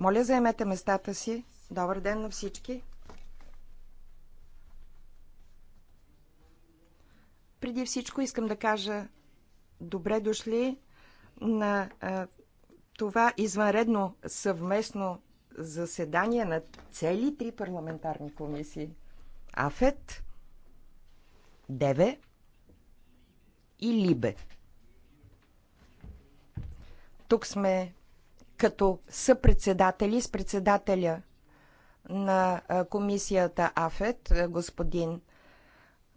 Моля, заемете местата си. Добър ден на всички. Преди всичко искам да кажа добре дошли на а, това извънредно съвместно заседание на цели три парламентарни комисии. АФЕТ, ДЕВЕ и ЛИБЕ. Тук сме като съпредседатели с председателя на комисията АФЕТ, господин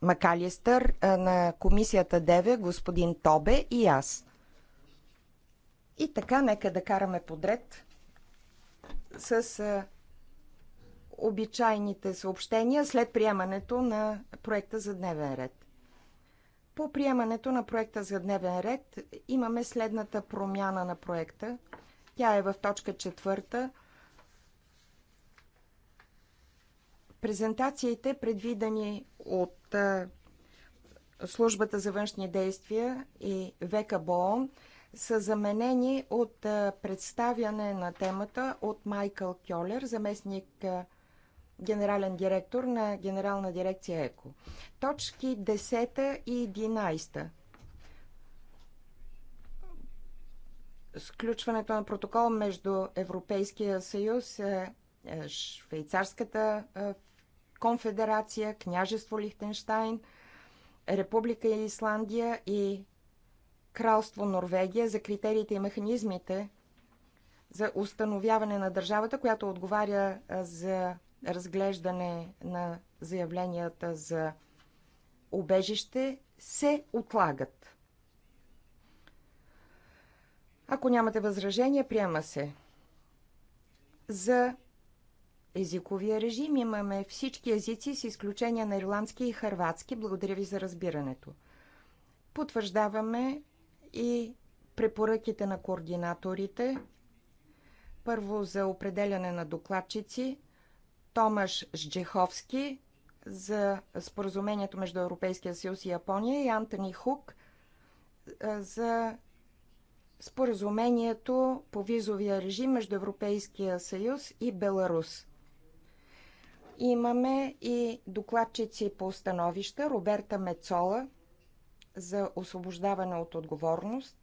Макалистър, на комисията ДЕВЕ, господин Тобе и аз. И така, нека да караме подред с обичайните съобщения след приемането на проекта за дневен ред. По приемането на проекта за дневен ред имаме следната промяна на проекта – тя е в точка четвърта. Презентациите, предвидени от Службата за външни действия и ВКБОН, са заменени от представяне на темата от Майкъл Кьолер, заместник генерален директор на Генерална дирекция ЕКО. Точки 10 и 11 сключването на протокол между Европейския съюз, е, е, Швейцарската е, конфедерация, Княжество Лихтенштайн, Република Исландия и Кралство Норвегия за критериите и механизмите за установяване на държавата, която отговаря за разглеждане на заявленията за убежище, се отлагат. Ако нямате възражение, приема се. За езиковия режим имаме всички езици с изключение на ирландски и харватски. Благодаря ви за разбирането. Потвърждаваме и препоръките на координаторите. Първо за определяне на докладчици Томаш Жджеховски за споразумението между Европейския съюз и Япония и Антони Хук за споразумението по визовия режим между Европейския съюз и Беларус. Имаме и докладчици по становища Роберта Мецола за освобождаване от отговорност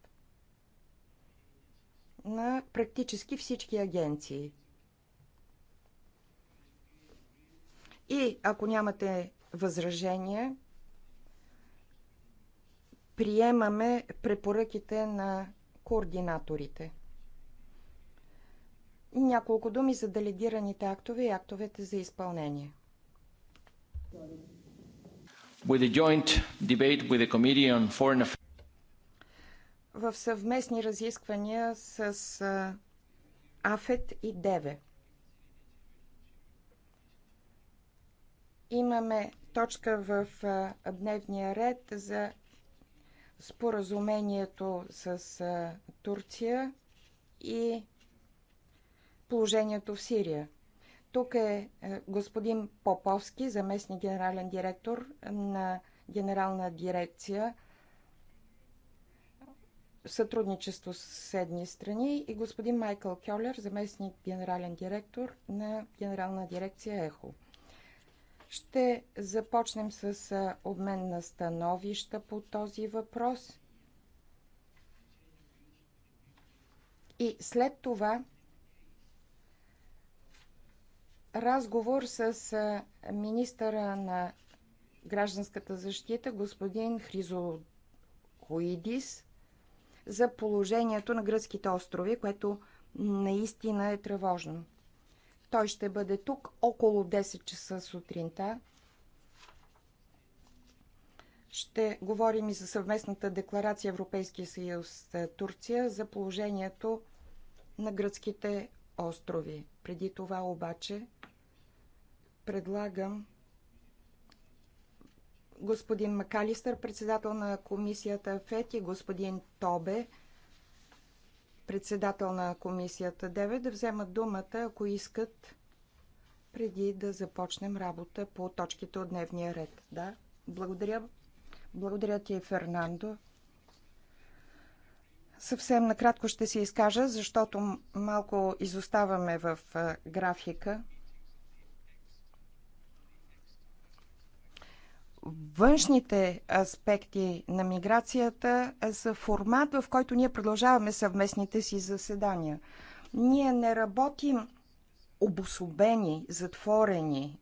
на практически всички агенции. И ако нямате възражения, приемаме препоръките на координаторите. Няколко думи за делегираните актове и актовете за изпълнение. В съвместни разисквания с АФЕТ и ДЕВЕ. Имаме точка в дневния ред за споразумението с Турция и положението в Сирия. Тук е господин Поповски, заместник генерален директор на Генерална дирекция сътрудничество с съседни страни и господин Майкъл Кьолер, заместник генерален директор на Генерална дирекция ЕХО. Ще започнем с обмен на становища по този въпрос. И след това разговор с министъра на гражданската защита господин Хризохоидис за положението на гръцките острови, което наистина е тревожно. Той ще бъде тук около 10 часа сутринта. Ще говорим и за съвместната декларация Европейския съюз Турция за положението на гръцките острови. Преди това обаче предлагам господин Макалистър, председател на комисията ФЕТ и господин Тобе – председател на комисията 9 да вземат думата, ако искат, преди да започнем работа по точките от дневния ред. Да, благодаря. Благодаря ти, Фернандо. Съвсем накратко ще се изкажа, защото малко изоставаме в графика. външните аспекти на миграцията са формат, в който ние продължаваме съвместните си заседания. Ние не работим обособени, затворени,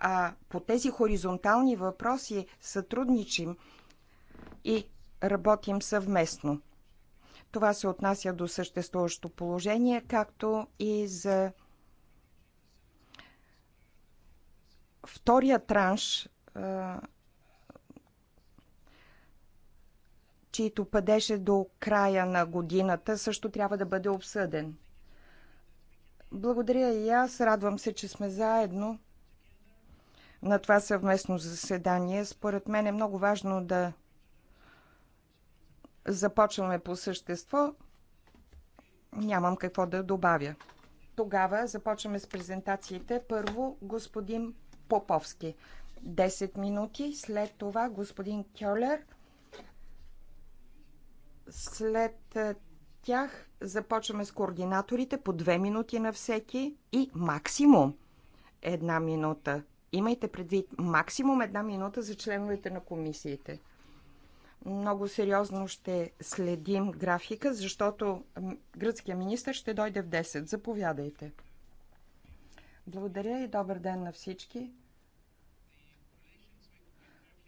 а по тези хоризонтални въпроси сътрудничим и работим съвместно. Това се отнася до съществуващо положение, както и за втория транш чието падеше до края на годината, също трябва да бъде обсъден. Благодаря и аз. Радвам се, че сме заедно на това съвместно заседание. Според мен е много важно да започваме по същество. Нямам какво да добавя. Тогава започваме с презентациите. Първо господин Поповски. 10 минути. След това господин Кьолер. След тях започваме с координаторите по 2 минути на всеки и максимум една минута. Имайте предвид максимум една минута за членовете на комисиите. Много сериозно ще следим графика, защото гръцкия министр ще дойде в 10. Заповядайте. Благодаря и добър ден на всички.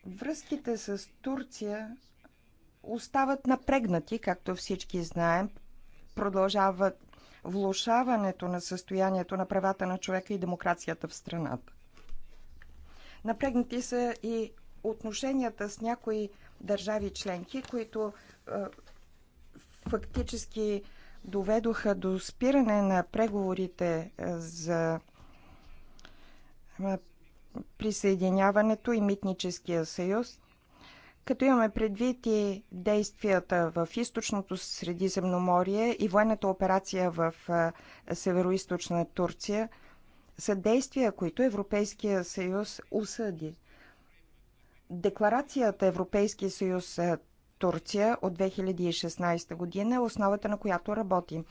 Връзките с Турция остават напрегнати, както всички знаем. Продължават влушаването на състоянието на правата на човека и демокрацията в страната. Напрегнати са и отношенията с някои държави членки, които е, фактически доведоха до спиране на преговорите е, за е, присъединяването и митническия съюз, като имаме предвид и действията в източното Средиземноморие и военната операция в северо Турция, са действия, които Европейския съюз осъди. Декларацията Европейски съюз Турция от 2016 година е основата на която работим.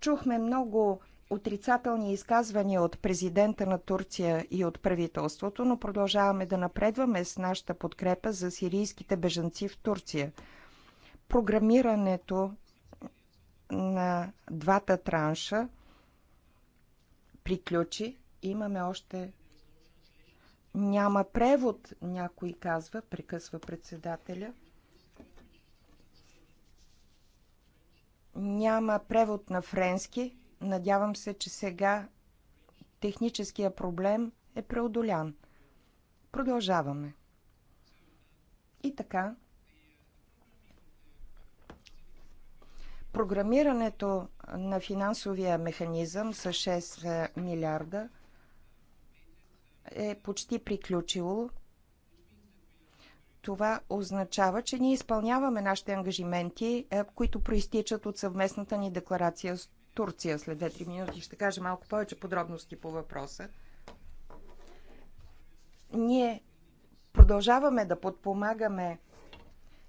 Чухме много отрицателни изказвания от президента на Турция и от правителството, но продължаваме да напредваме с нашата подкрепа за сирийските бежанци в Турция. Програмирането на двата транша приключи. Имаме още. Няма превод, някой казва, прекъсва председателя. Няма превод на френски. Надявам се, че сега техническия проблем е преодолян. Продължаваме. И така, програмирането на финансовия механизъм с 6 е, милиарда е почти приключило. Това означава, че ние изпълняваме нашите ангажименти, е, които проистичат от съвместната ни декларация с Турция след 2-3 минути. Ще кажа малко повече подробности по въпроса. Ние продължаваме да подпомагаме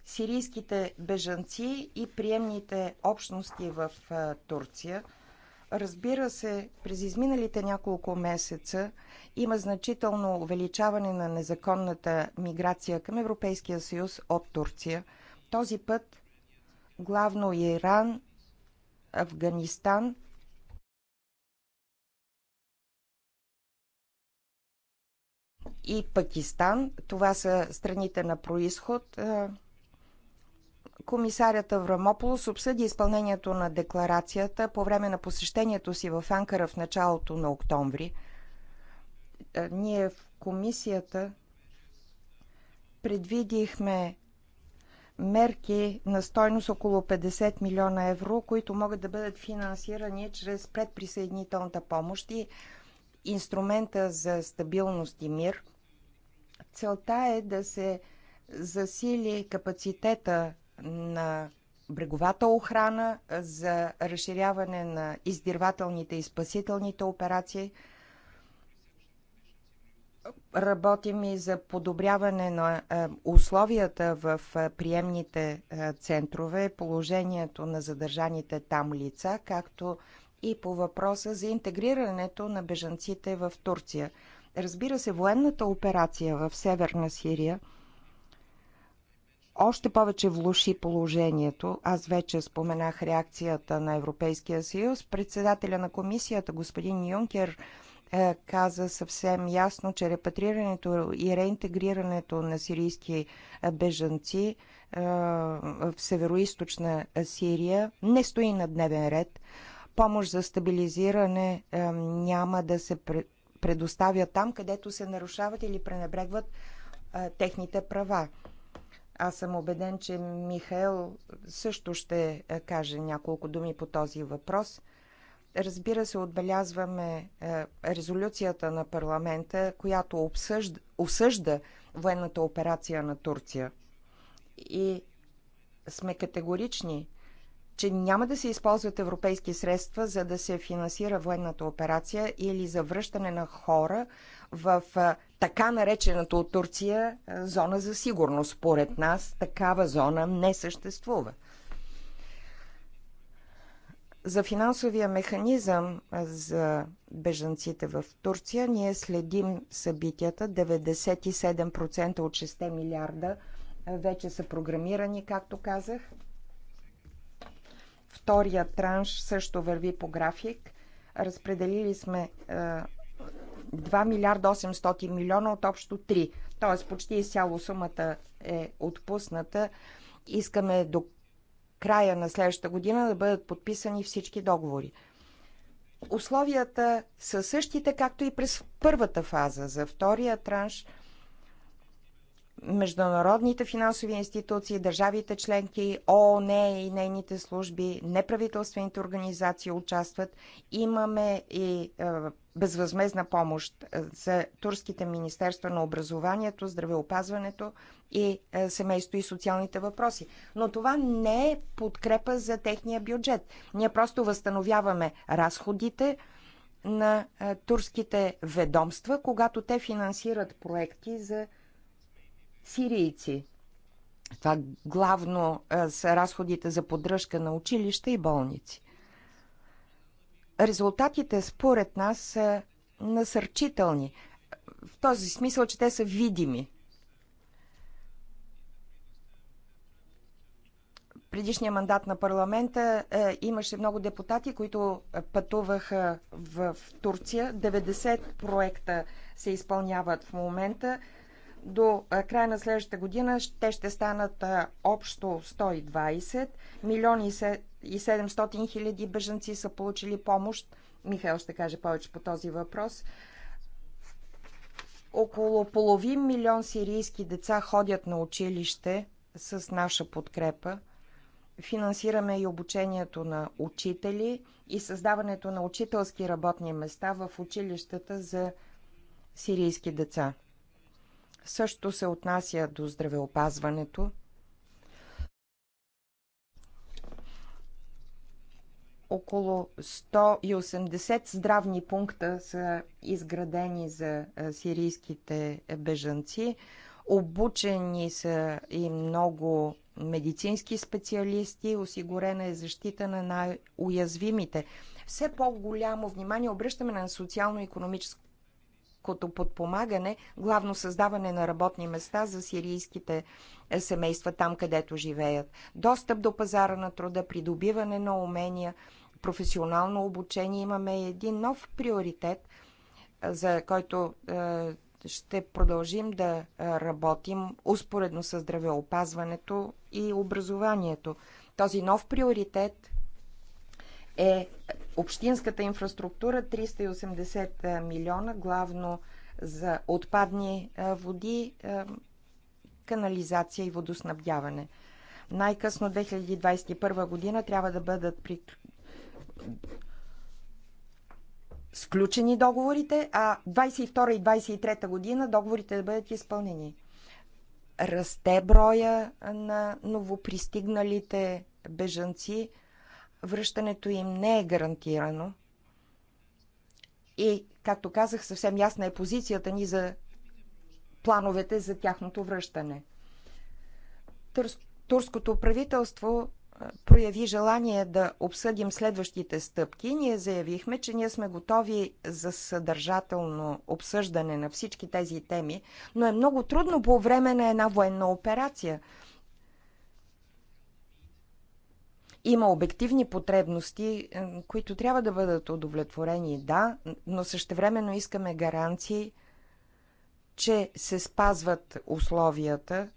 сирийските бежанци и приемните общности в Турция. Разбира се, през изминалите няколко месеца има значително увеличаване на незаконната миграция към Европейския съюз от Турция. Този път главно Иран, Афганистан. И Пакистан. Това са страните на происход. Е, комисарят Аврамополос обсъди изпълнението на декларацията по време на посещението си в Анкара в началото на октомври. Е, ние в комисията предвидихме мерки на стойност около 50 милиона евро, които могат да бъдат финансирани чрез предприсъединителната помощ и инструмента за стабилност и мир. Целта е да се засили капацитета на бреговата охрана за разширяване на издирвателните и спасителните операции – Работим и за подобряване на е, условията в е, приемните е, центрове, положението на задържаните там лица, както и по въпроса за интегрирането на бежанците в Турция. Разбира се, военната операция в Северна Сирия още повече влуши положението. Аз вече споменах реакцията на Европейския съюз. Председателя на комисията, господин Юнкер, е, каза съвсем ясно, че репатрирането и реинтегрирането на сирийски е, бежанци е, в северо Сирия не стои на дневен ред. Помощ за стабилизиране няма да се предоставя там, където се нарушават или пренебрегват техните права. Аз съм убеден, че Михаил също ще каже няколко думи по този въпрос – Разбира се, отбелязваме е, резолюцията на парламента, която обсъжда, осъжда военната операция на Турция. И сме категорични, че няма да се използват европейски средства, за да се финансира военната операция или за връщане на хора в е, така наречената от Турция е, зона за сигурност. Според нас такава зона не съществува. За финансовия механизъм за бежанците в Турция ние следим събитията. 97% от 6 милиарда вече са програмирани, както казах. Втория транш също върви по график. Разпределили сме 2 милиарда 800 милиона от общо 3. Тоест почти изцяло сумата е отпусната. Искаме до края на следващата година да бъдат подписани всички договори. Условията са същите, както и през първата фаза. За втория транш международните финансови институции, държавите членки, ООН и нейните служби, неправителствените организации участват. Имаме и е, безвъзмезна помощ е, за турските министерства на образованието, здравеопазването и е, семейство и социалните въпроси. Но това не е подкрепа за техния бюджет. Ние просто възстановяваме разходите на е, турските ведомства, когато те финансират проекти за сирийци. Това главно са разходите за поддръжка на училища и болници. Резултатите според нас са насърчителни. В този смисъл, че те са видими. предишния мандат на парламента е, имаше много депутати, които пътуваха в, в Турция. 90 проекта се изпълняват в момента. До е, края на следващата година те ще станат е, общо 120. Милиони и 700 хиляди бежанци са получили помощ. Михаил ще каже повече по този въпрос. Около половин милион сирийски деца ходят на училище с наша подкрепа. Финансираме и обучението на учители и създаването на учителски работни места в училищата за сирийски деца. Също се отнася до здравеопазването – около 180 здравни пункта са изградени за сирийските бежанци. Обучени са и много медицински специалисти, осигурена е защита на най-уязвимите. Все по-голямо внимание обръщаме на социално-економическото подпомагане, главно създаване на работни места за сирийските семейства там, където живеят. Достъп до пазара на труда, придобиване на умения – професионално обучение. Имаме един нов приоритет, за който ще продължим да работим успоредно с здравеопазването и образованието. Този нов приоритет е общинската инфраструктура 380 милиона, главно за отпадни води, канализация и водоснабдяване. Най-късно 2021 година трябва да бъдат приключени сключени договорите, а 22 и 23 година договорите да бъдат изпълнени. Расте броя на новопристигналите бежанци, връщането им не е гарантирано. И, както казах, съвсем ясна е позицията ни за плановете за тяхното връщане. Турското правителство прояви желание да обсъдим следващите стъпки, ние заявихме, че ние сме готови за съдържателно обсъждане на всички тези теми, но е много трудно по време на една военна операция. Има обективни потребности, е, които трябва да бъдат удовлетворени, да, но същевременно искаме гаранции, че се спазват условията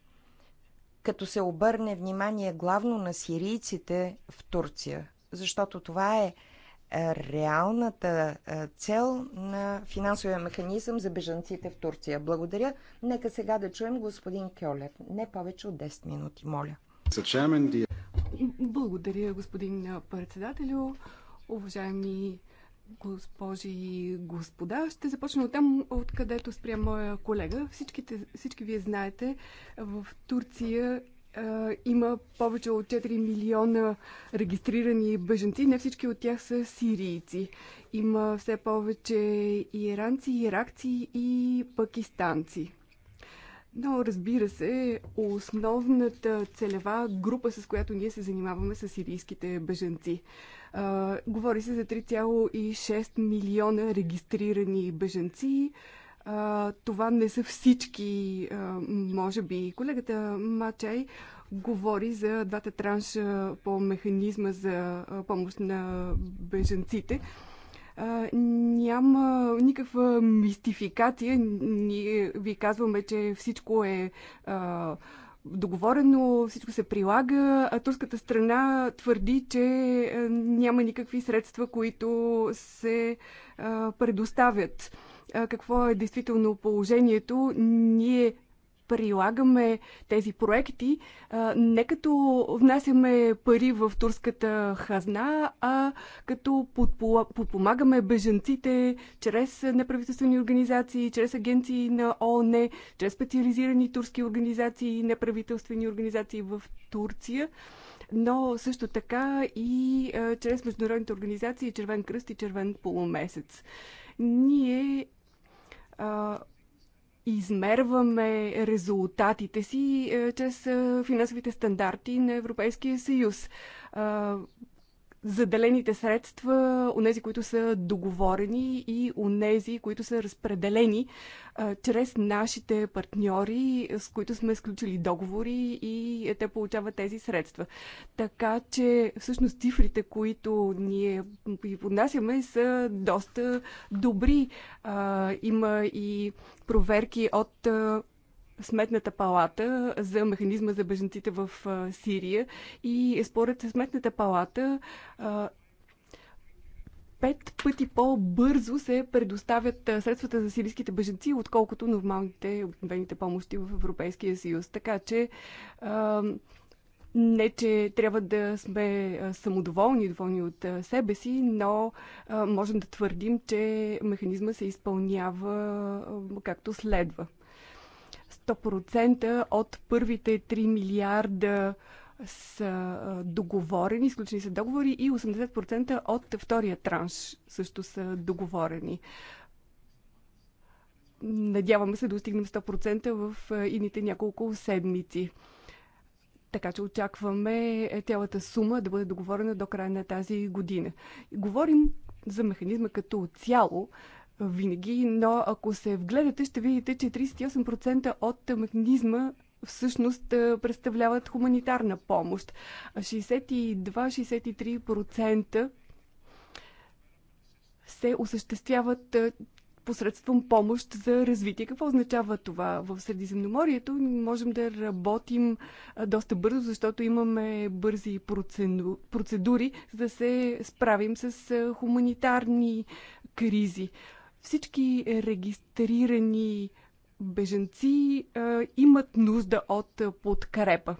като се обърне внимание главно на сирийците в Турция, защото това е, е реалната е, цел на финансовия механизъм за бежанците в Турция. Благодаря. Нека сега да чуем господин Кьолер. Не повече от 10 минути, моля. Благодаря, господин председателю. Уважаеми госпожи и господа. Ще започна от там, откъдето спря моя колега. Всичките, всички вие знаете, в Турция е, има повече от 4 милиона регистрирани бежанци. Не всички от тях са сирийци. Има все повече иранци, иракци и пакистанци. Но разбира се, основната целева група, с която ние се занимаваме, са сирийските бежанци. А, говори се за 3,6 милиона регистрирани бежанци. А, това не са всички, а, може би. Колегата Мачай говори за двата транша по механизма за помощ на бежанците няма никаква мистификация. Ние ви казваме, че всичко е договорено, всичко се прилага, а турската страна твърди, че няма никакви средства, които се предоставят. какво е действително положението? Ние прилагаме тези проекти не като внасяме пари в турската хазна, а като подпомагаме бежанците чрез неправителствени организации, чрез агенции на ООН, чрез специализирани турски организации, неправителствени организации в Турция но също така и а, чрез международните организации Червен кръст и Червен полумесец. Ние а, измерваме резултатите си е, чрез е, финансовите стандарти на Европейския съюз заделените средства, онези, които са договорени и онези, които са разпределени а, чрез нашите партньори, с които сме сключили договори и те получават тези средства. Така че всъщност цифрите, които ние поднасяме, са доста добри. А, има и проверки от Сметната палата за механизма за беженците в Сирия и според Сметната палата пет пъти по-бързо се предоставят средствата за сирийските беженци, отколкото нормалните обикновените помощи в Европейския съюз. Така че не, че трябва да сме самодоволни, доволни от себе си, но можем да твърдим, че механизма се изпълнява както следва. 100% от първите 3 милиарда са договорени, изключени са договори и 80% от втория транш също са договорени. Надяваме се да достигнем 100% в ините няколко седмици. Така че очакваме е, цялата сума да бъде договорена до края на тази година. Говорим за механизма като цяло, винаги, но ако се вгледате, ще видите, че 38% от механизма всъщност представляват хуманитарна помощ. 62-63% се осъществяват посредством помощ за развитие. Какво означава това? В Средиземноморието можем да работим доста бързо, защото имаме бързи процедури, за да се справим с хуманитарни кризи. Всички регистрирани беженци а, имат нужда от подкрепа.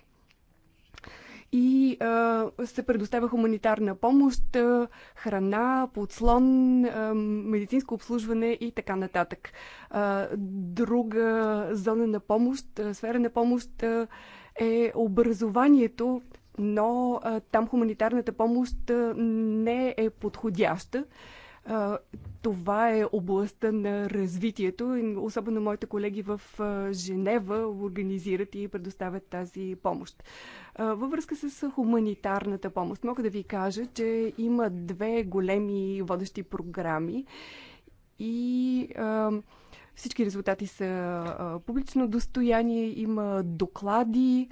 И а, се предоставя хуманитарна помощ, а, храна, подслон, а, медицинско обслужване и така нататък. А, друга зона на помощ, а, сфера на помощ а, е образованието, но а, там хуманитарната помощ а, не е подходяща това е областта на развитието. Особено моите колеги в Женева организират и предоставят тази помощ. Във връзка с хуманитарната помощ, мога да ви кажа, че има две големи водещи програми и всички резултати са публично достояние, има доклади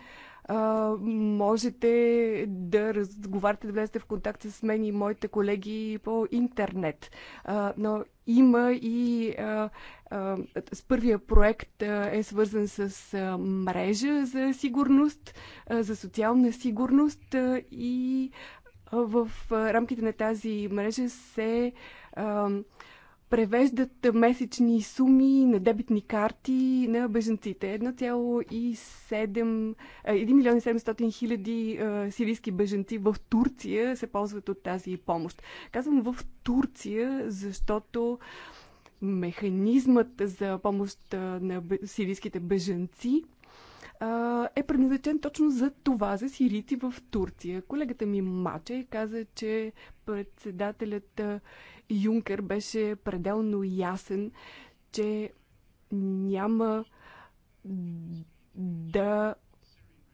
а, можете да разговаряте, да влезете в контакт с мен и моите колеги по интернет. А, но има и а, а, с първия проект а, е свързан с а, мрежа за сигурност, а, за социална сигурност а, и а, в а, рамките на тази мрежа се а, превеждат месечни суми на дебитни карти на беженците. 1,7 1 милион и 700 хиляди сирийски беженци в Турция се ползват от тази помощ. Казвам в Турция, защото механизмът за помощ на сирийските беженци е предназначен точно за това, за сирийци в Турция. Колегата ми Маче каза, че председателят Юнкер беше пределно ясен, че няма да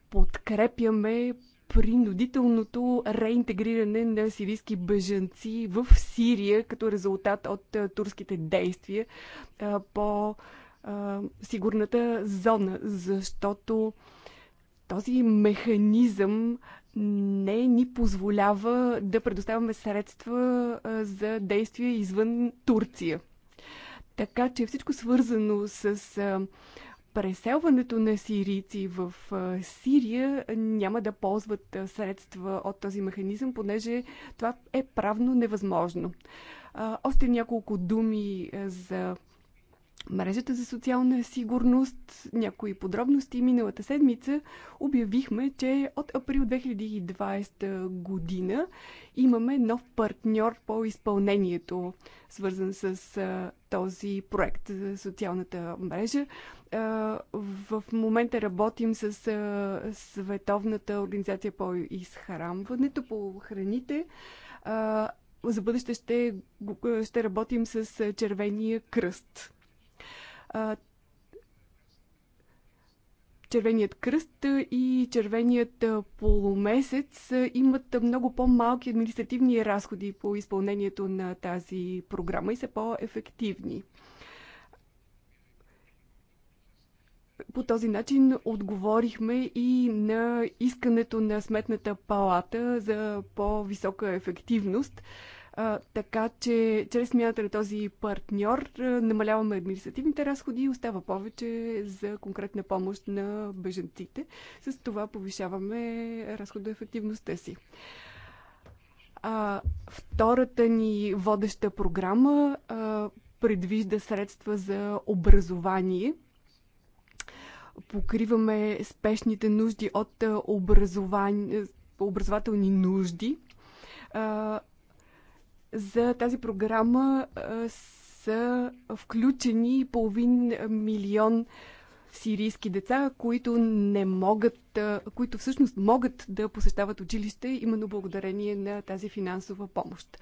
подкрепяме принудителното реинтегриране на сирийски бежанци в Сирия като резултат от турските действия по сигурната зона, защото този механизъм не ни позволява да предоставяме средства за действия извън Турция. Така че всичко свързано с преселването на сирийци в Сирия няма да ползват средства от този механизъм, понеже това е правно невъзможно. Още няколко думи за мрежата за социална сигурност, някои подробности. Миналата седмица обявихме, че от април 2020 година имаме нов партньор по изпълнението, свързан с а, този проект за социалната мрежа. А, в момента работим с а, Световната организация по изхранването, по храните. А, за бъдеще ще, ще работим с Червения кръст. Червеният кръст и червеният полумесец имат много по-малки административни разходи по изпълнението на тази програма и са по-ефективни. По този начин отговорихме и на искането на Сметната палата за по-висока ефективност а, така че чрез смяната на този партньор намаляваме административните разходи и остава повече за конкретна помощ на беженците. С това повишаваме разходоефективността си. А, втората ни водеща програма а, предвижда средства за образование покриваме спешните нужди от образование, образователни нужди. За тази програма са включени половин милион сирийски деца, които не могат, които всъщност могат да посещават училище, именно благодарение на тази финансова помощ.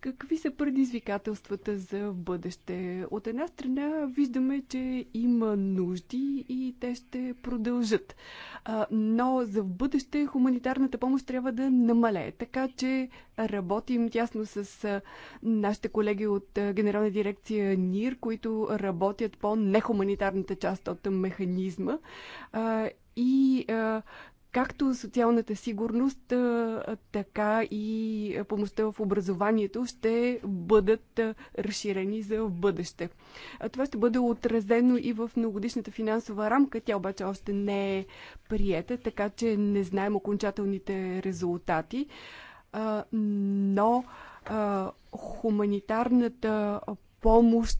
Какви са предизвикателствата за бъдеще? От една страна виждаме, че има нужди и те ще продължат. Но за бъдеще хуманитарната помощ трябва да намалее. Така че работим тясно с нашите колеги от Генерална дирекция НИР, които работят по нехуманитарната част от механизма и както социалната сигурност, така и помощта в образованието ще бъдат разширени за в бъдеще. Това ще бъде отразено и в многодишната финансова рамка. Тя обаче още не е приета, така че не знаем окончателните резултати. Но хуманитарната помощ,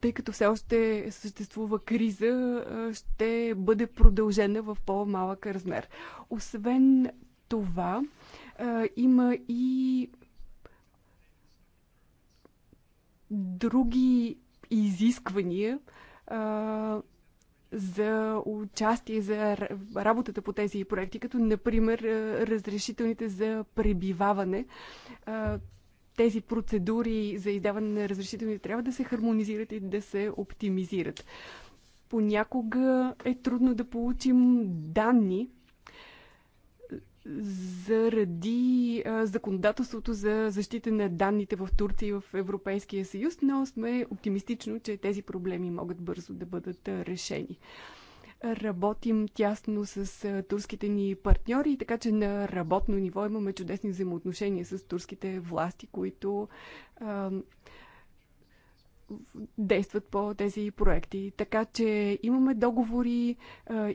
тъй като все още съществува криза, ще бъде продължена в по-малък размер. Освен това, има и други изисквания за участие, за работата по тези проекти, като например разрешителните за пребиваване тези процедури за издаване на разрешителни трябва да се хармонизират и да се оптимизират. Понякога е трудно да получим данни заради законодателството за защита на данните в Турция и в Европейския съюз, но сме оптимистично, че тези проблеми могат бързо да бъдат решени. Работим тясно с турските ни партньори, така че на работно ниво имаме чудесни взаимоотношения с турските власти, които а, действат по тези проекти. Така че имаме договори,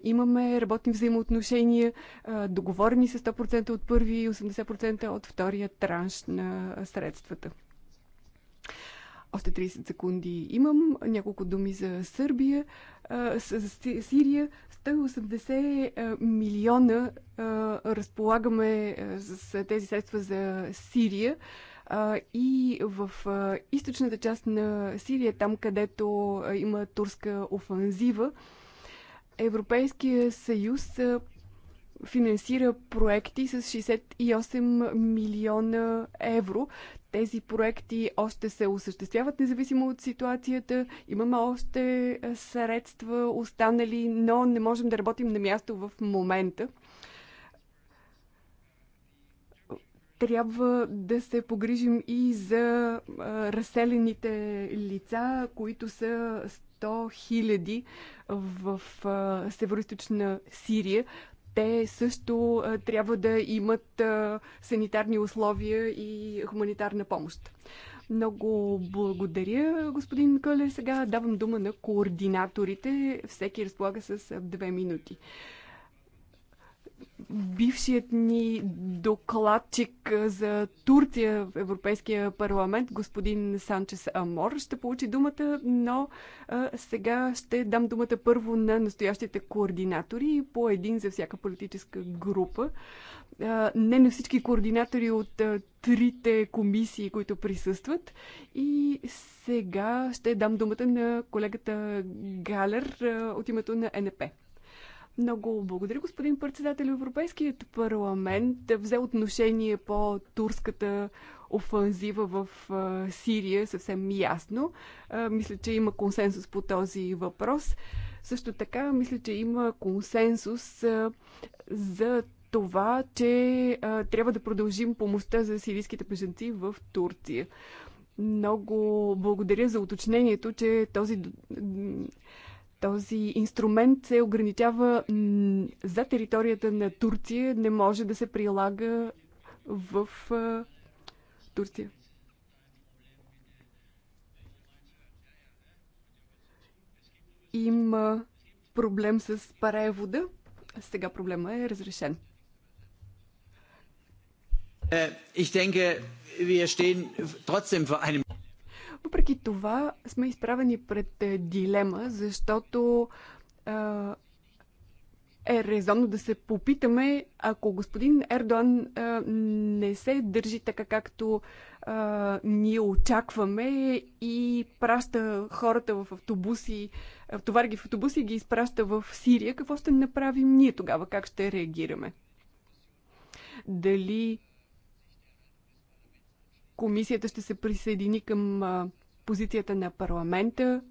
имаме работни взаимоотношения, договорени са 100% от първи и 80% от втория транш на средствата. Още 30 секунди имам. Няколко думи за Сърбия, с Сирия. 180 милиона разполагаме с тези средства за Сирия. И в източната част на Сирия, там където има турска офанзива, Европейския съюз финансира проекти с 68 милиона евро. Тези проекти още се осъществяват, независимо от ситуацията. Имаме още е, средства останали, но не можем да работим на място в момента. трябва да се погрижим и за е, разселените лица, които са 100 хиляди в е, северо Сирия те също трябва да имат санитарни условия и хуманитарна помощ. Много благодаря, господин Кълер. Сега давам дума на координаторите. Всеки разполага с две минути бившият ни докладчик за Турция в Европейския парламент, господин Санчес Амор, ще получи думата, но а, сега ще дам думата първо на настоящите координатори, по един за всяка политическа група. А, не на всички координатори от а, трите комисии, които присъстват. И сега ще дам думата на колегата Галер а, от името на НП. Много благодаря, господин председател. Европейският парламент е взе отношение по турската офанзива в Сирия съвсем ясно. Мисля, че има консенсус по този въпрос. Също така, мисля, че има консенсус за това, че трябва да продължим помощта за сирийските беженци в Турция. Много благодаря за уточнението, че този този инструмент се ограничава за територията на Турция, не може да се прилага в Турция. Има проблем с паревода. Сега проблема е разрешен. Е, ich denke, wir stehen trotzdem vor einem въпреки това сме изправени пред е, дилема, защото е резонно да се попитаме, ако господин Ердоан не се държи така, както ние очакваме и праща хората в автобуси, товари ги в автобуси и ги изпраща в Сирия, какво ще направим ние тогава? Как ще реагираме? Дали комисията ще се присъедини към позицията на парламента,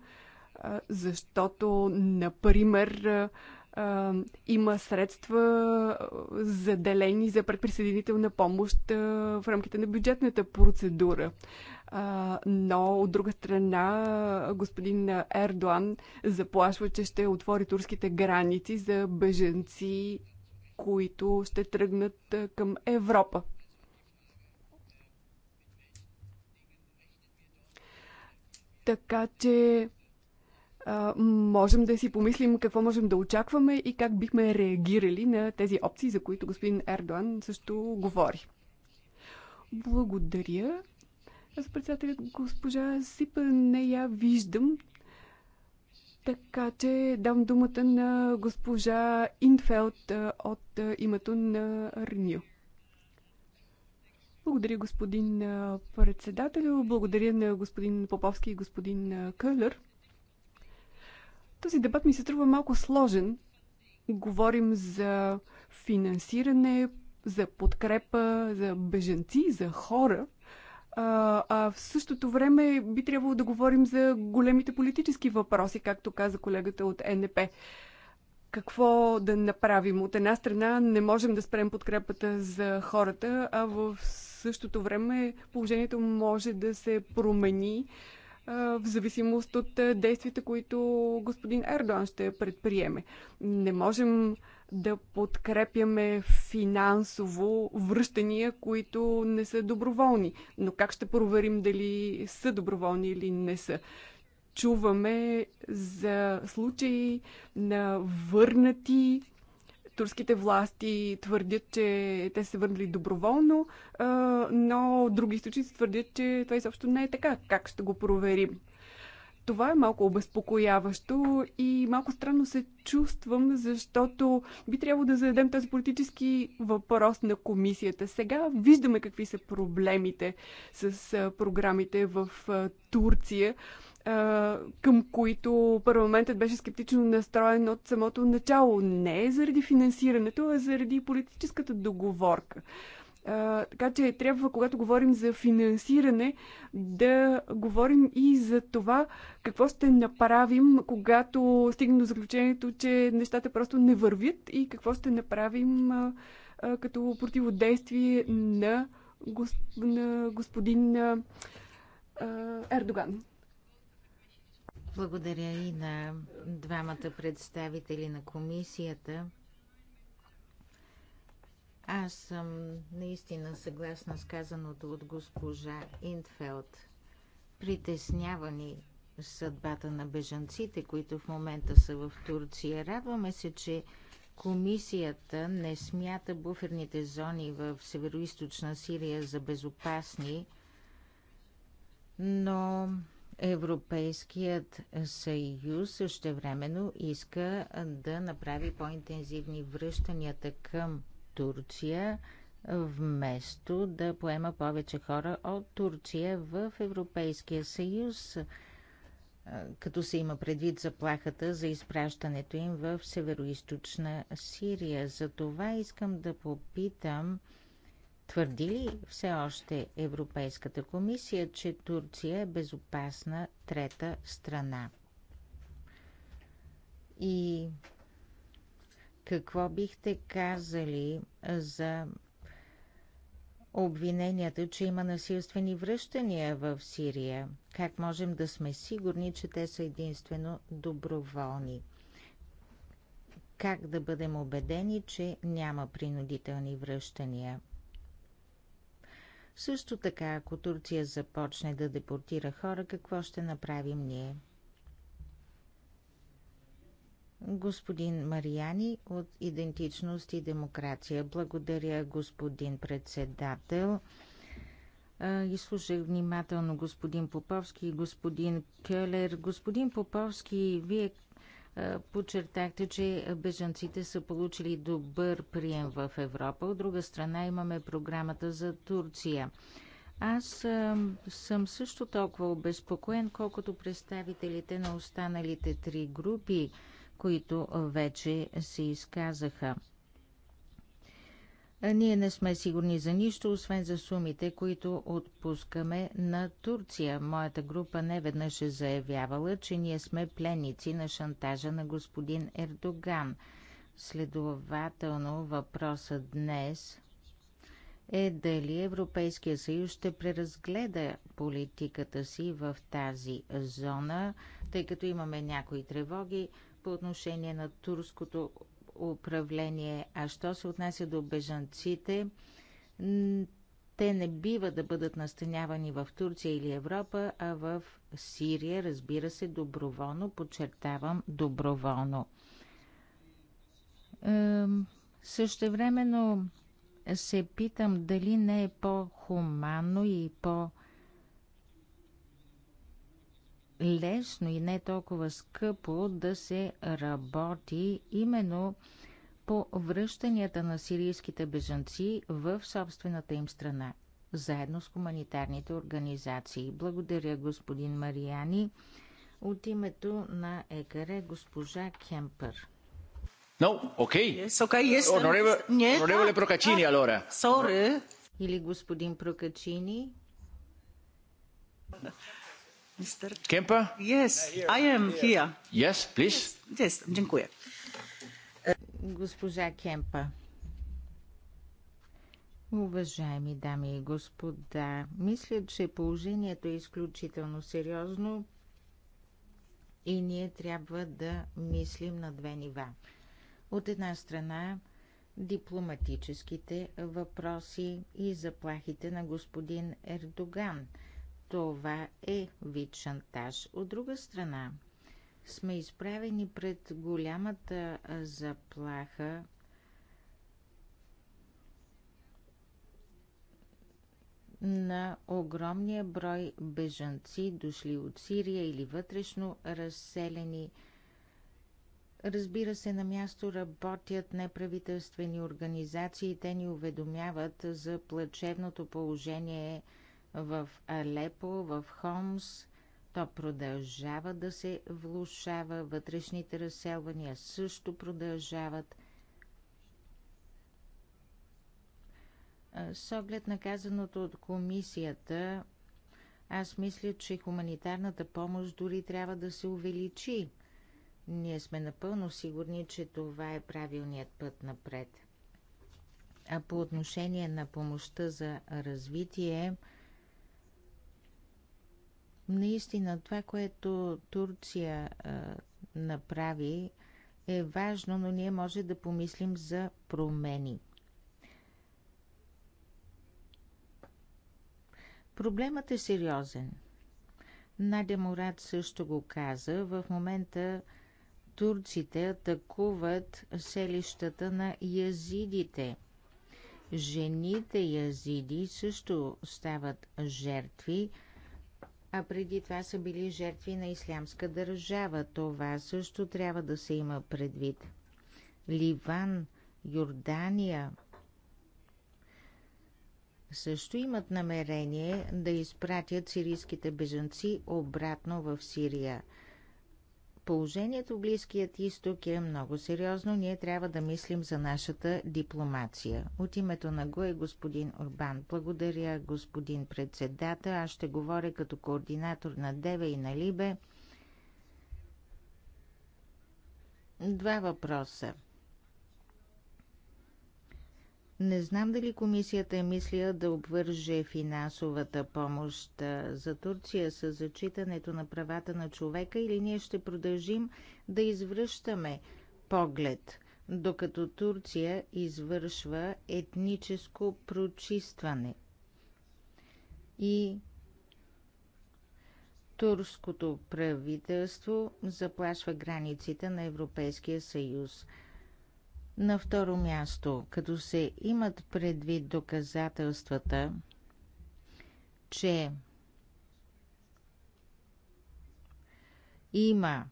защото, например, има средства заделени за предприсъединителна помощ в рамките на бюджетната процедура. Но, от друга страна, господин Ердоан заплашва, че ще отвори турските граници за беженци, които ще тръгнат към Европа. Така че а, можем да си помислим какво можем да очакваме и как бихме реагирали на тези опции, за които господин Ердоан също говори. Благодаря. Аз председателят госпожа Сипа не я виждам. Така че дам думата на госпожа Инфелд от името на Рню. Благодаря, господин председател, Благодаря на господин Поповски и господин Кълър. Този дебат ми се струва малко сложен. Говорим за финансиране, за подкрепа, за беженци, за хора. А, а в същото време би трябвало да говорим за големите политически въпроси, както каза колегата от НП какво да направим. От една страна не можем да спрем подкрепата за хората, а в същото време положението може да се промени в зависимост от действията, които господин Ердоан ще предприеме. Не можем да подкрепяме финансово връщания, които не са доброволни. Но как ще проверим дали са доброволни или не са? Чуваме за случаи на върнати турските власти твърдят, че те се върнали доброволно, но други източници твърдят, че това изобщо не е така. Как ще го проверим? Това е малко обезпокояващо и малко странно се чувствам, защото би трябвало да зададем този политически въпрос на комисията. Сега виждаме какви са проблемите с програмите в Турция към които парламентът беше скептично настроен от самото начало. Не е заради финансирането, а заради политическата договорка. А, така че трябва, когато говорим за финансиране, да говорим и за това какво ще направим, когато стигнем до заключението, че нещата просто не вървят и какво ще направим а, а, като противодействие на, госп... на господин а, Ердоган. Благодаря и на двамата представители на комисията. Аз съм наистина съгласна с казаното от госпожа Интфелд. притеснявани съдбата на бежанците, които в момента са в Турция. Радваме се, че комисията не смята буферните зони в Североизточна Сирия за безопасни, но Европейският съюз също времено иска да направи по-интензивни връщанията към Турция, вместо да поема повече хора от Турция в Европейския съюз, като се има предвид заплахата за изпращането им в Североизточна Сирия. За това искам да попитам – Твърди ли все още Европейската комисия, че Турция е безопасна трета страна? И какво бихте казали за обвиненията, че има насилствени връщания в Сирия? Как можем да сме сигурни, че те са единствено доброволни? Как да бъдем убедени, че няма принудителни връщания? Също така, ако Турция започне да депортира хора, какво ще направим ние? Господин Марияни от Идентичност и демокрация. Благодаря, господин председател. Изслушах внимателно господин Поповски и господин Кьолер. Господин Поповски, вие е, подчертахте, че бежанците са получили добър прием в Европа. От друга страна имаме програмата за Турция. Аз е, съм също толкова обезпокоен, колкото представителите на останалите три групи, които вече се изказаха. Ние не сме сигурни за нищо, освен за сумите, които отпускаме на Турция. Моята група не веднъж е заявявала, че ние сме пленници на шантажа на господин Ердоган. Следователно въпросът днес е дали Европейския съюз ще преразгледа политиката си в тази зона, тъй като имаме някои тревоги по отношение на турското управление. А що се отнася до бежанците, те не бива да бъдат настанявани в Турция или Европа, а в Сирия, разбира се, доброволно, подчертавам, доброволно. Ем, същевременно се питам дали не е по-хуманно и по- лесно и не толкова скъпо да се работи именно по връщанията на сирийските бежанци в собствената им страна, заедно с хуманитарните организации. Благодаря, господин Мариани. От името на екаре госпожа Кемпер. No, okay. Yes, okay, yes. Honorable, honorable Procaccini, allora. Sorry. Или господин Прокачини. Mr. Yes, I am here. Yes, please. Yes, yes. dziękuję. Госпожа Кемпа. Уважаеми дами и господа, мисля, че положението е изключително сериозно и ние трябва да мислим на две нива. От една страна, дипломатическите въпроси и заплахите на господин Ердоган. Това е вид шантаж. От друга страна, сме изправени пред голямата заплаха на огромния брой бежанци, дошли от Сирия или вътрешно разселени. Разбира се, на място работят неправителствени организации. Те ни уведомяват за плачевното положение в Алепо, в Хомс, то продължава да се влушава, вътрешните разселвания също продължават. С оглед на казаното от комисията, аз мисля, че хуманитарната помощ дори трябва да се увеличи. Ние сме напълно сигурни, че това е правилният път напред. А по отношение на помощта за развитие, Наистина, това, което Турция а, направи, е важно, но ние може да помислим за промени. Проблемът е сериозен. Надя Мурат също го каза. В момента турците атакуват селищата на язидите. Жените язиди също стават жертви – а преди това са били жертви на ислямска държава. Това също трябва да се има предвид. Ливан, Йордания също имат намерение да изпратят сирийските бежанци обратно в Сирия – Положението в Близкият изток е много сериозно. Ние трябва да мислим за нашата дипломация. От името на го е господин Орбан. Благодаря, господин председател. Аз ще говоря като координатор на Деве и на Либе. Два въпроса. Не знам дали комисията е мислила да обвърже финансовата помощ за Турция с зачитането на правата на човека или ние ще продължим да извръщаме поглед, докато Турция извършва етническо прочистване. И турското правителство заплашва границите на Европейския съюз – на второ място, като се имат предвид доказателствата, че има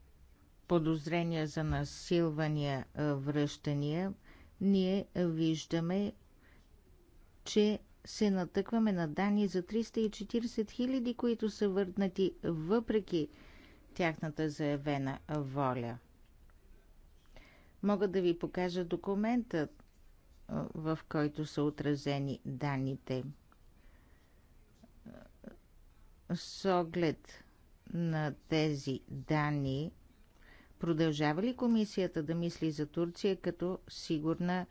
подозрения за насилвания, връщания, ние виждаме, че се натъкваме на данни за 340 хиляди, които са върнати въпреки тяхната заявена воля – Мога да ви покажа документа, в който са отразени данните. С оглед на тези данни, продължава ли комисията да мисли за Турция като сигурна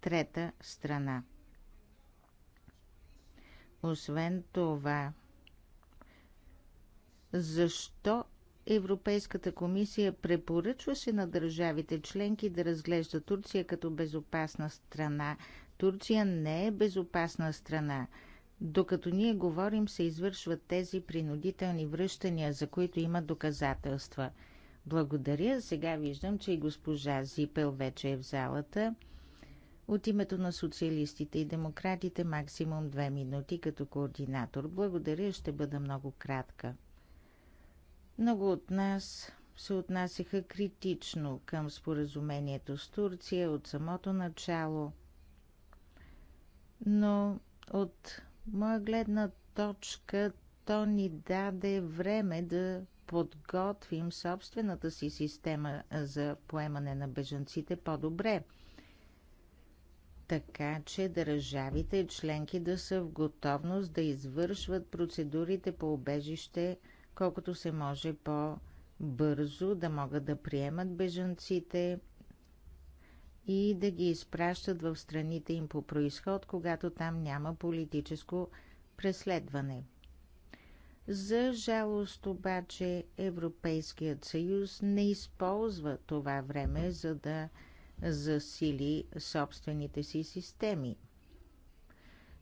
трета страна? Освен това, защо Европейската комисия препоръчваше на държавите членки да разглежда Турция като безопасна страна. Турция не е безопасна страна. Докато ние говорим, се извършват тези принудителни връщания, за които има доказателства. Благодаря. Сега виждам, че и госпожа Зипел вече е в залата. От името на социалистите и демократите максимум две минути като координатор. Благодаря, ще бъда много кратка. Много от нас се отнасяха критично към споразумението с Турция от самото начало. Но от моя гледна точка то ни даде време да подготвим собствената си система за поемане на бежанците по-добре. Така че държавите членки да са в готовност да извършват процедурите по обежище – колкото се може по-бързо да могат да приемат бежанците и да ги изпращат в страните им по происход, когато там няма политическо преследване. За жалост обаче Европейският съюз не използва това време, за да засили собствените си системи –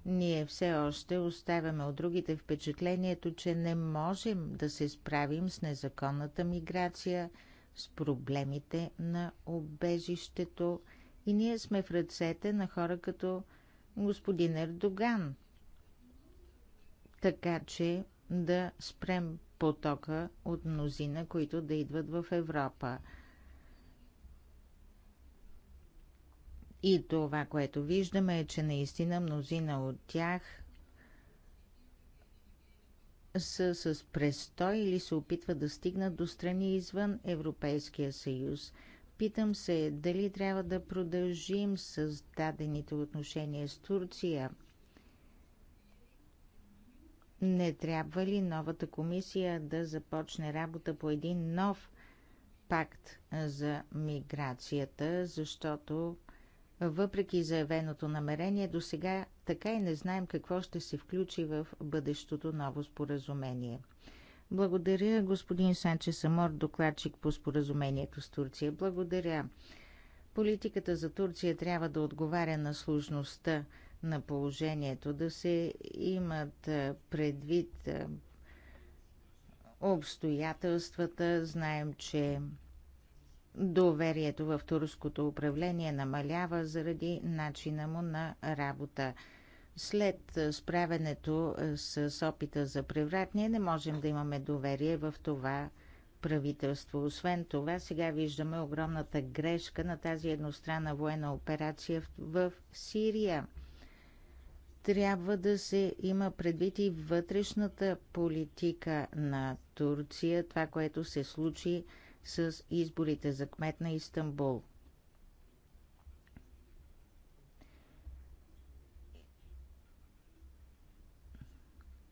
ние все още оставяме от другите впечатлението, че не можем да се справим с незаконната миграция, с проблемите на обежището и ние сме в ръцете на хора като господин Ердоган. Така че да спрем потока от мнозина, които да идват в Европа. И това, което виждаме е, че наистина мнозина от тях са с престой или се опитват да стигнат до страни извън Европейския съюз. Питам се дали трябва да продължим с дадените отношения с Турция. Не трябва ли новата комисия да започне работа по един нов пакт за миграцията, защото въпреки заявеното намерение, до сега така и не знаем какво ще се включи в бъдещото ново споразумение. Благодаря, господин Санче Самор, докладчик по споразумението с Турция. Благодаря. Политиката за Турция трябва да отговаря на сложността на положението, да се имат предвид обстоятелствата. Знаем, че Доверието в турското управление намалява заради начина му на работа. След справенето е, с опита за преврат, ние не можем да имаме доверие в това правителство. Освен това, сега виждаме огромната грешка на тази едностранна военна операция в Сирия. Трябва да се има предвид и вътрешната политика на Турция, това, което се случи с изборите за кмет на Истанбул.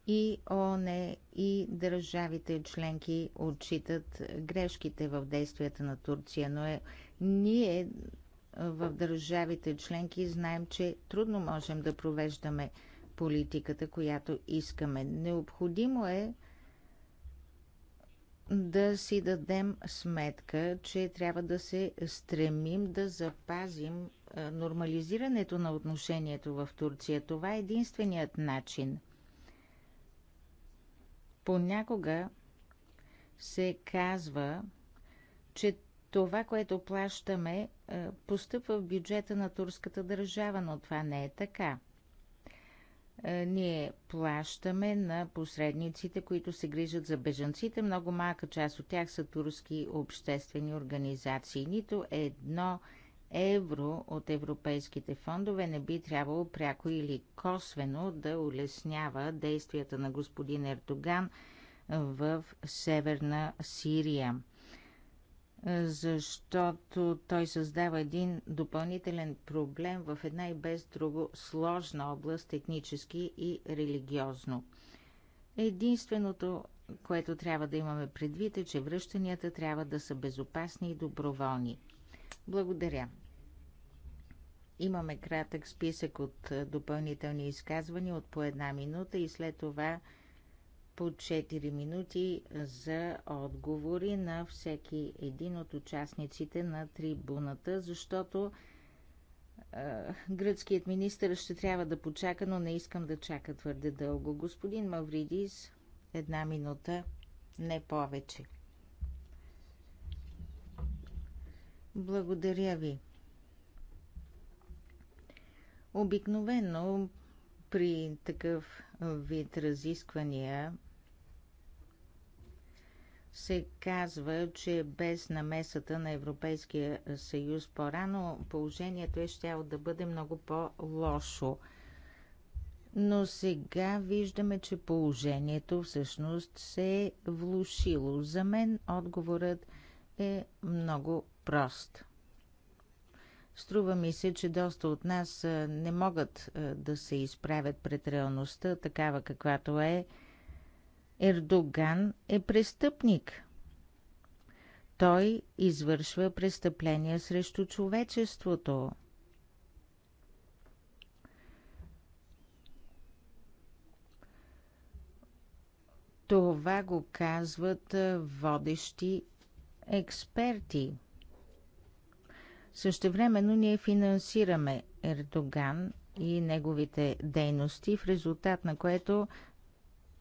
И ООН и държавите членки отчитат грешките в действията на Турция, но е, ние в държавите членки знаем, че трудно можем да провеждаме политиката, която искаме. Необходимо е да си дадем сметка, че трябва да се стремим да запазим нормализирането на отношението в Турция. Това е единственият начин. Понякога се казва, че това, което плащаме, постъпва в бюджета на турската държава, но това не е така. Е, ние плащаме на посредниците, които се грижат за бежанците. Много малка част от тях са турски обществени организации. Нито едно евро от европейските фондове не би трябвало пряко или косвено да улеснява действията на господин Ертоган в Северна Сирия защото той създава един допълнителен проблем в една и без друго сложна област, етнически и религиозно. Единственото, което трябва да имаме предвид е, че връщанията трябва да са безопасни и доброволни. Благодаря. Имаме кратък списък от допълнителни изказвания от по една минута и след това по 4 минути за отговори на всеки един от участниците на трибуната, защото е, гръцкият министр ще трябва да почака, но не искам да чака твърде дълго. Господин Мавридис, една минута, не повече. Благодаря ви. Обикновено при такъв вид разисквания се казва, че без намесата на Европейския съюз по-рано положението е щяло да бъде много по-лошо. Но сега виждаме, че положението всъщност се е влушило. За мен отговорът е много прост – Струва ми се, че доста от нас не могат да се изправят пред реалността, такава каквато е. Ердоган е престъпник. Той извършва престъпления срещу човечеството. Това го казват водещи експерти – времено ние финансираме Ердоган и неговите дейности, в резултат на което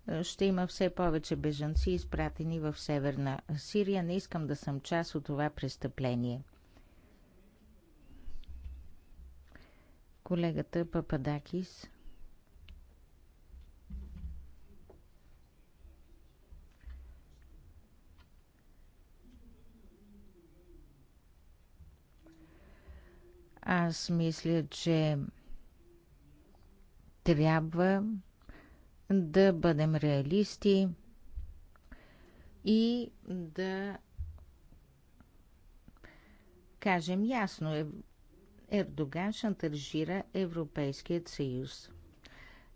е, ще има все повече бежанци, изпратени в Северна Сирия. Не искам да съм част от това престъпление. Колегата Пападакис. Аз мисля, че трябва да бъдем реалисти и да кажем ясно, Ердоган шантажира Европейският съюз.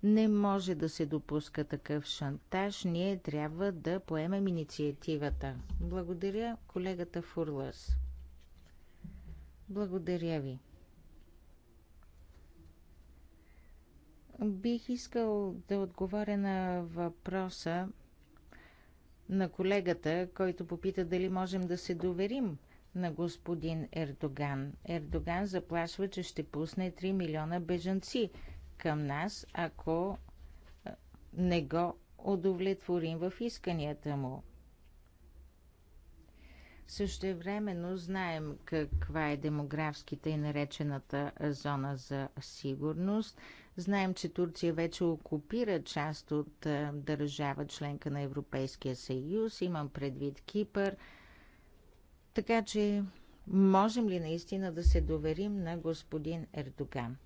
Не може да се допуска такъв шантаж. Ние трябва да поемем инициативата. Благодаря колегата Фурлас. Благодаря ви. Бих искал да отговоря на въпроса на колегата, който попита дали можем да се доверим на господин Ердоган. Ердоган заплашва, че ще пусне 3 милиона бежанци към нас, ако не го удовлетворим в исканията му. Същевременно знаем каква е демографската и наречената зона за сигурност. Знаем, че Турция вече окупира част от е, държава членка на Европейския съюз. Имам предвид Кипър. Така че можем ли наистина да се доверим на господин Ердоган?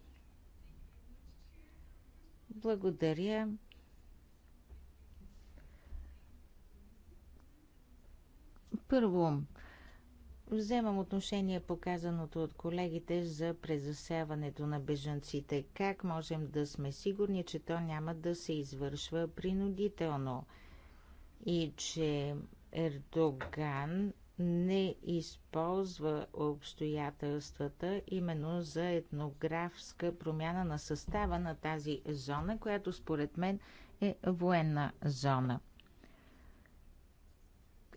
Благодаря. Първо, вземам отношение показаното от колегите за презасяването на бежанците. Как можем да сме сигурни, че то няма да се извършва принудително и че Ердоган не използва обстоятелствата именно за етнографска промяна на състава на тази зона, която според мен е военна зона.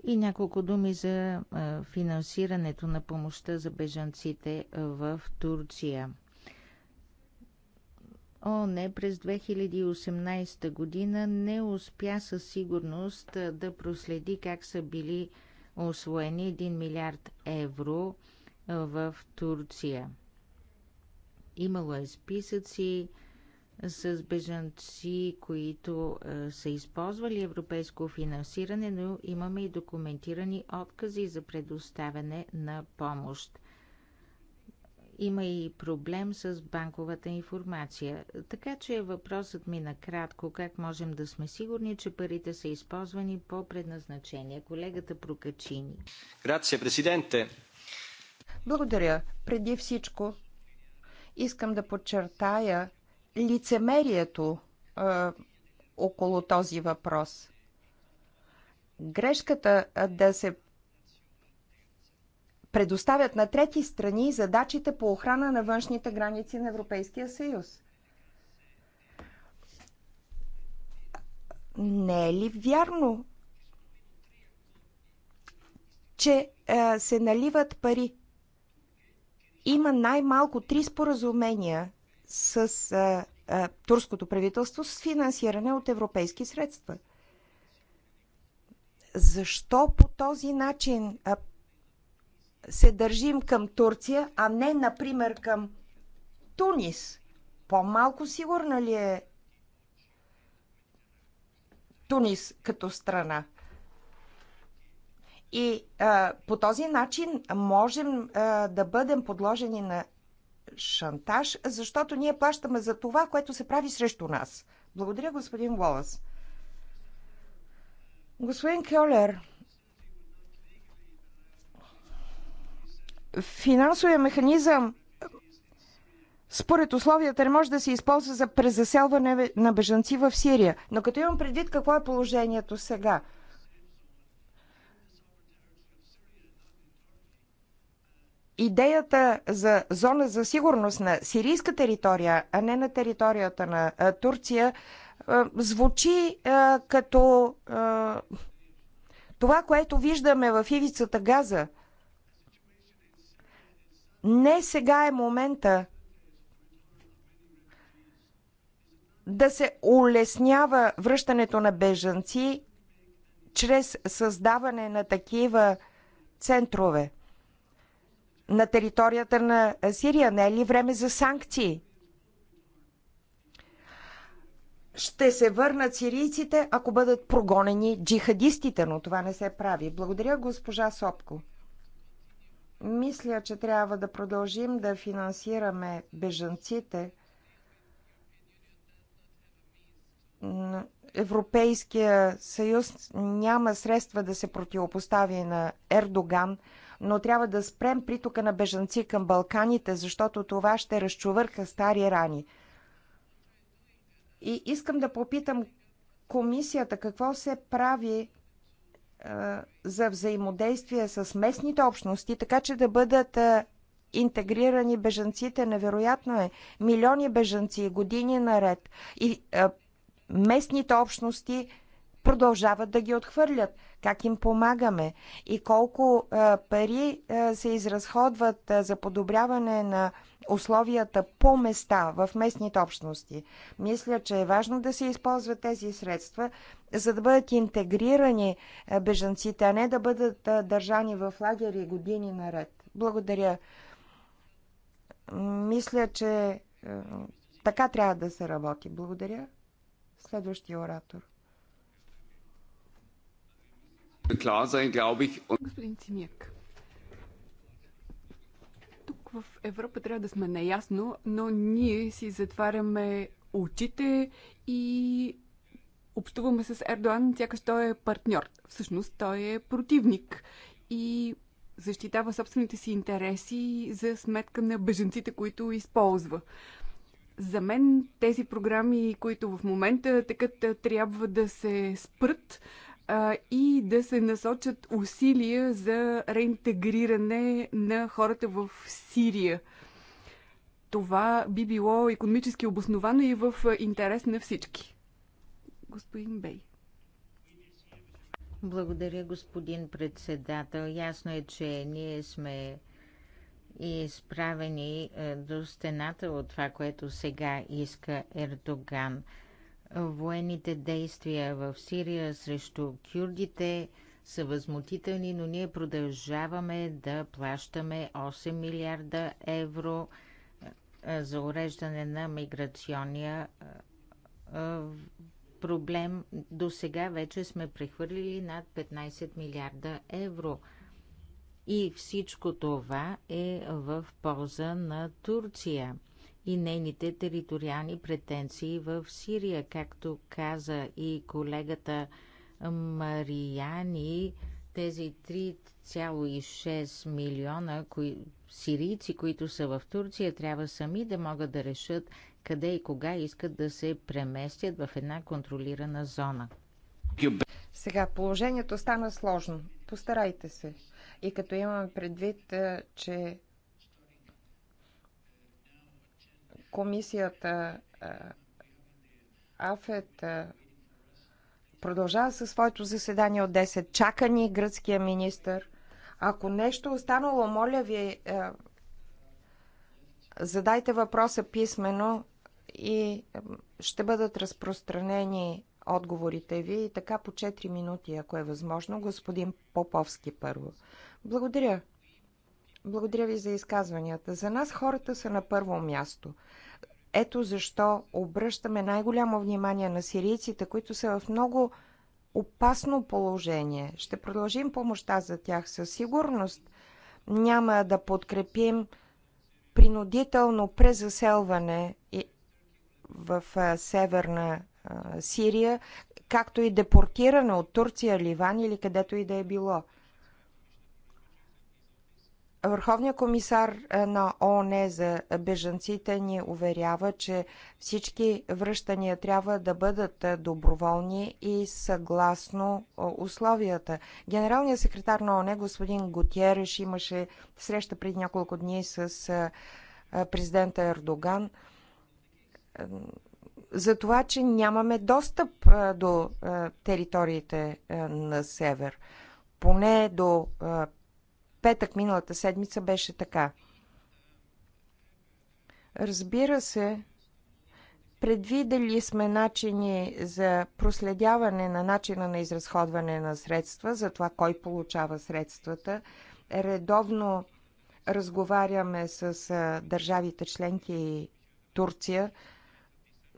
И няколко думи за финансирането на помощта за бежанците в Турция. не, през 2018 година не успя със сигурност да проследи как са били освоени 1 милиард евро в Турция. Имало е списъци с бежанци, които е, са използвали европейско финансиране, но имаме и документирани откази за предоставяне на помощ. Има и проблем с банковата информация. Така че въпросът ми накратко как можем да сме сигурни, че парите са използвани по предназначение. Колегата Прокачини. Грация, президенте. Благодаря. Преди всичко искам да подчертая, лицемерието а, около този въпрос. Грешката да се предоставят на трети страни задачите по охрана на външните граници на Европейския съюз. Не е ли вярно, че а, се наливат пари? Има най-малко три споразумения с а, а, турското правителство с финансиране от европейски средства. Защо по този начин а, се държим към Турция, а не, например, към Тунис? По-малко сигурна ли е Тунис като страна? И а, по този начин можем а, да бъдем подложени на шантаж, защото ние плащаме за това, което се прави срещу нас. Благодаря, господин Волас. Господин Кьолер, финансовия механизъм според условията не може да се използва за презаселване на бежанци в Сирия. Но като имам предвид какво е положението сега – идеята за зона за сигурност на сирийска територия, а не на територията на Турция, звучи като това, което виждаме в ивицата Газа. Не сега е момента да се улеснява връщането на бежанци чрез създаване на такива центрове на територията на Сирия? Не е ли време за санкции? Ще се върнат сирийците, ако бъдат прогонени джихадистите, но това не се прави. Благодаря, госпожа Сопко. Мисля, че трябва да продължим да финансираме бежанците. Европейския съюз няма средства да се противопостави на Ердоган – но трябва да спрем притока на бежанци към Балканите, защото това ще разчувърка стари рани. И искам да попитам комисията какво се прави е, за взаимодействие с местните общности, така че да бъдат е, интегрирани бежанците. Невероятно е. Милиони бежанци години наред. И а, е, местните общности продължават да ги отхвърлят. Как им помагаме и колко а, пари а, се изразходват а, за подобряване на условията по места в местните общности. Мисля, че е важно да се използват тези средства, за да бъдат интегрирани а, бежанците, а не да бъдат а, държани в лагери години наред. Благодаря. Мисля, че а, така трябва да се работи. Благодаря. Следващия оратор klar sein, glaube ich. Господин Цимяк, тук в Европа трябва да сме наясно, но ние си затваряме очите и общуваме с Ердоан, сякаш той е партньор. Всъщност той е противник и защитава собствените си интереси за сметка на беженците, които използва. За мен тези програми, които в момента текат, трябва да се спрат и да се насочат усилия за реинтегриране на хората в Сирия. Това би било економически обосновано и в интерес на всички. Господин Бей. Благодаря, господин председател. Ясно е, че ние сме изправени е, до стената от това, което сега иска Ердоган. Военните действия в Сирия срещу кюрдите са възмутителни, но ние продължаваме да плащаме 8 милиарда евро е, за уреждане на миграционния е, проблем. До сега вече сме прехвърлили над 15 милиарда евро. И всичко това е в полза на Турция – и нейните териториални претенции в Сирия. Както каза и колегата Марияни, тези 3,6 милиона кои... сирийци, които са в Турция, трябва сами да могат да решат къде и кога искат да се преместят в една контролирана зона. Сега положението стана сложно. Постарайте се. И като имаме предвид, е, че комисията АФЕТ продължава със своето заседание от 10. Чака ни гръцкия министр. Ако нещо е останало, моля ви, задайте въпроса писменно и ще бъдат разпространени отговорите ви и така по 4 минути, ако е възможно. Господин Поповски първо. Благодаря, благодаря ви за изказванията. За нас хората са на първо място. Ето защо обръщаме най-голямо внимание на сирийците, които са в много опасно положение. Ще продължим помощта за тях със сигурност. Няма да подкрепим принудително презаселване в северна Сирия, както и депортиране от Турция, Ливан или където и да е било – Върховният комисар е, на ООН за бежанците ни уверява, че всички връщания трябва да бъдат е, доброволни и съгласно е, условията. Генералният секретар на ООН, господин Гутиереш, имаше среща преди няколко дни с президента Ердоган за това, че нямаме достъп до териториите на север, поне до петък миналата седмица беше така. Разбира се, предвидели сме начини за проследяване на начина на изразходване на средства, за това кой получава средствата. Редовно разговаряме с държавите членки и Турция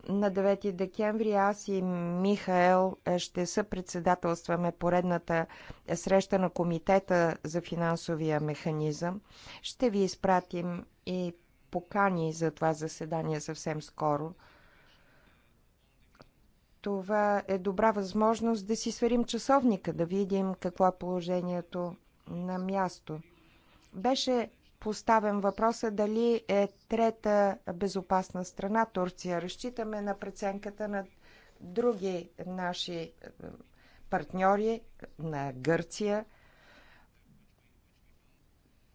на 9 декември аз и Михаел е, ще съпредседателстваме поредната е, среща на Комитета за финансовия механизъм. Ще ви изпратим и покани за това заседание съвсем скоро. Това е добра възможност да си сверим часовника, да видим какво е положението на място. Беше поставен въпроса дали е трета безопасна страна Турция. Разчитаме на преценката на други наши е, партньори, на Гърция.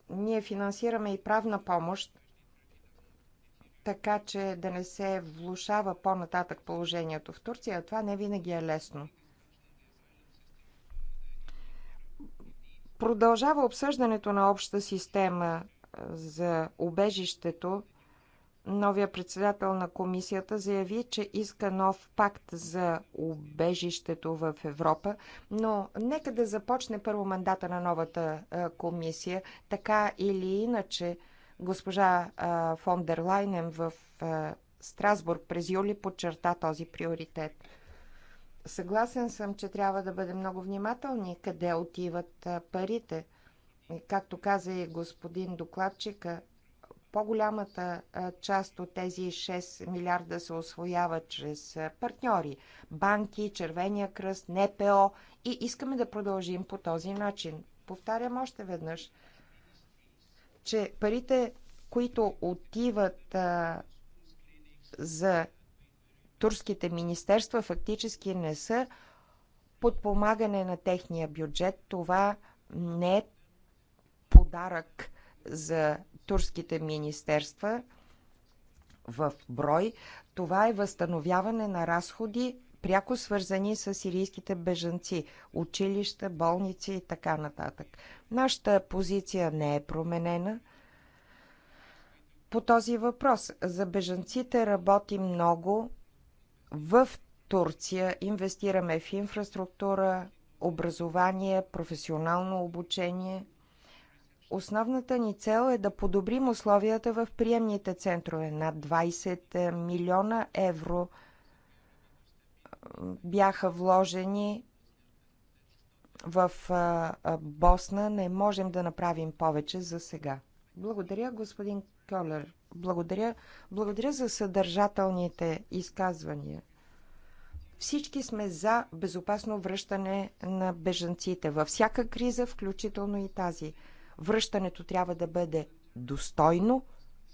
Ние финансираме и правна помощ, така че да не се влушава по-нататък положението в Турция. Това не винаги е лесно. Продължава обсъждането на обща система за убежището, новия председател на комисията заяви, че иска нов пакт за убежището в Европа, но нека да започне първо мандата на новата комисия. Така или иначе, госпожа фон дер Лайнем в Страсбург през юли подчерта този приоритет. Съгласен съм, че трябва да бъдем много внимателни къде отиват парите – Както каза и господин докладчика, по-голямата част от тези 6 милиарда се освояват чрез партньори банки, Червения кръст, НПО и искаме да продължим по този начин. Повтарям още веднъж, че парите, които отиват а, за турските министерства, фактически не са подпомагане на техния бюджет. Това не е подарък за турските министерства в брой. Това е възстановяване на разходи, пряко свързани с сирийските бежанци, училища, болници и така нататък. Нашата позиция не е променена по този въпрос. За бежанците работи много в Турция. Инвестираме в инфраструктура, образование, професионално обучение – Основната ни цел е да подобрим условията в приемните центрове. Над 20 е, милиона евро е, бяха вложени в е, Босна. Не можем да направим повече за сега. Благодаря, господин Кьолер. Благодаря, благодаря за съдържателните изказвания. Всички сме за безопасно връщане на бежанците във всяка криза, включително и тази. Връщането трябва да бъде достойно,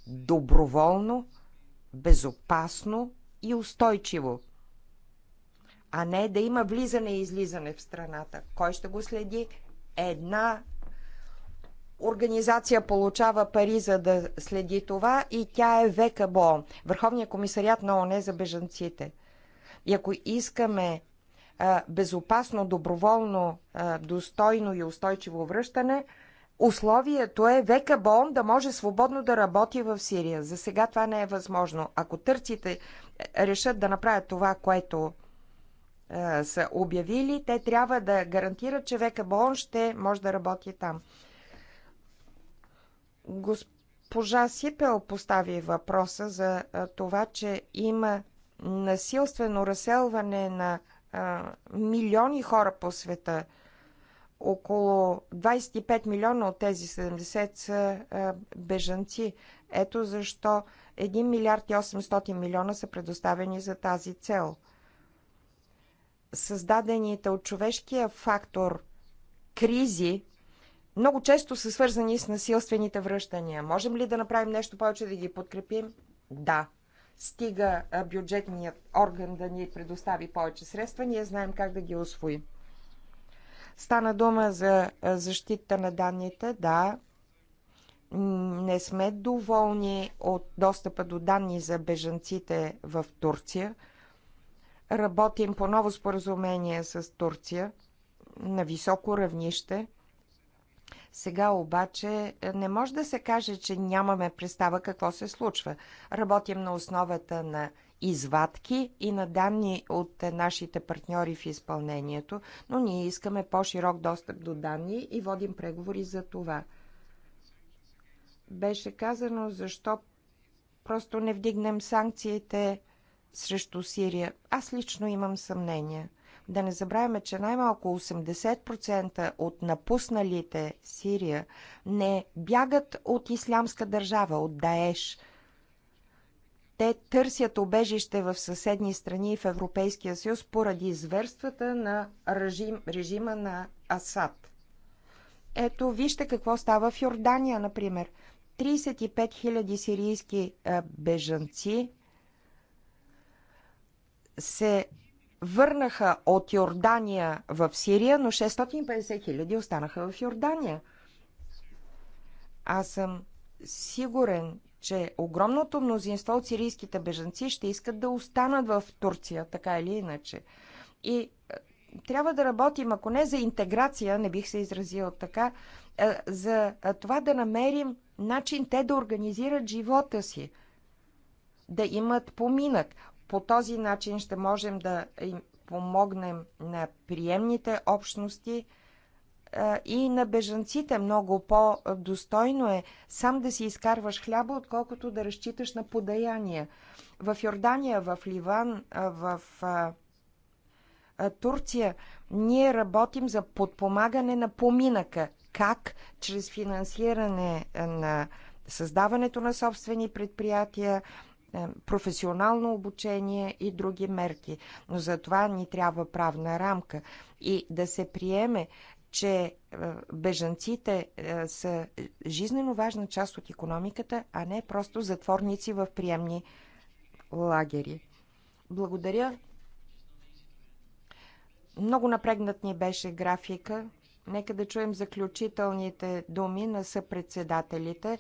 доброволно, безопасно и устойчиво. А не да има влизане и излизане в страната. Кой ще го следи? Една организация получава пари за да следи това и тя е ВКБО, Върховният комисариат на ОНЕ за бежанците. И ако искаме безопасно, доброволно, достойно и устойчиво връщане, Условието е Века Бон да може свободно да работи в Сирия. За сега това не е възможно. Ако търците е, решат да направят това, което е, са обявили, те трябва да гарантират, че Века Бон ще може да работи там. Госпожа Сипел постави въпроса за е, това, че има насилствено разселване на е, милиони хора по света – около 25 милиона от тези 70 са бежанци. Ето защо 1 милиард и 800 милиона са предоставени за тази цел. Създадените от човешкия фактор кризи много често са свързани с насилствените връщания. Можем ли да направим нещо повече да ги подкрепим? Да. Стига бюджетният орган да ни предостави повече средства, ние знаем как да ги освоим. Стана дума за защита на данните. Да, не сме доволни от достъпа до данни за бежанците в Турция. Работим по ново споразумение с Турция на високо равнище сега обаче е, не може да се каже, че нямаме представа какво се случва. Работим на основата на извадки и на данни от е, нашите партньори в изпълнението, но ние искаме по-широк достъп до данни и водим преговори за това. Беше казано защо просто не вдигнем санкциите срещу Сирия. Аз лично имам съмнение. Да не забравяме, че най-малко 80% от напусналите Сирия не бягат от ислямска държава, от Даеш. Те търсят обежище в съседни страни и в Европейския съюз поради зверствата на режим, режима на Асад. Ето, вижте какво става в Йордания, например. 35 000 сирийски бежанци се върнаха от Йордания в Сирия, но 650 хиляди останаха в Йордания. Аз съм сигурен, че огромното мнозинство от сирийските бежанци ще искат да останат в Турция, така или иначе. И е, трябва да работим, ако не за интеграция, не бих се изразила така, е, за е, това да намерим начин те да организират живота си, да имат поминък. По този начин ще можем да им помогнем на приемните общности е, и на бежанците. Много по-достойно е сам да си изкарваш хляба, отколкото да разчиташ на подаяния. В Йордания, в Ливан, е, в е, Турция ние работим за подпомагане на поминъка. Как? Чрез финансиране на създаването на собствени предприятия, е, професионално обучение и други мерки. Но за това ни трябва правна рамка и да се приеме, че е, бежанците е, са жизненно важна част от економиката, а не просто затворници в приемни лагери. Благодаря. Много напрегнат ни беше графика. Нека да чуем заключителните думи на съпредседателите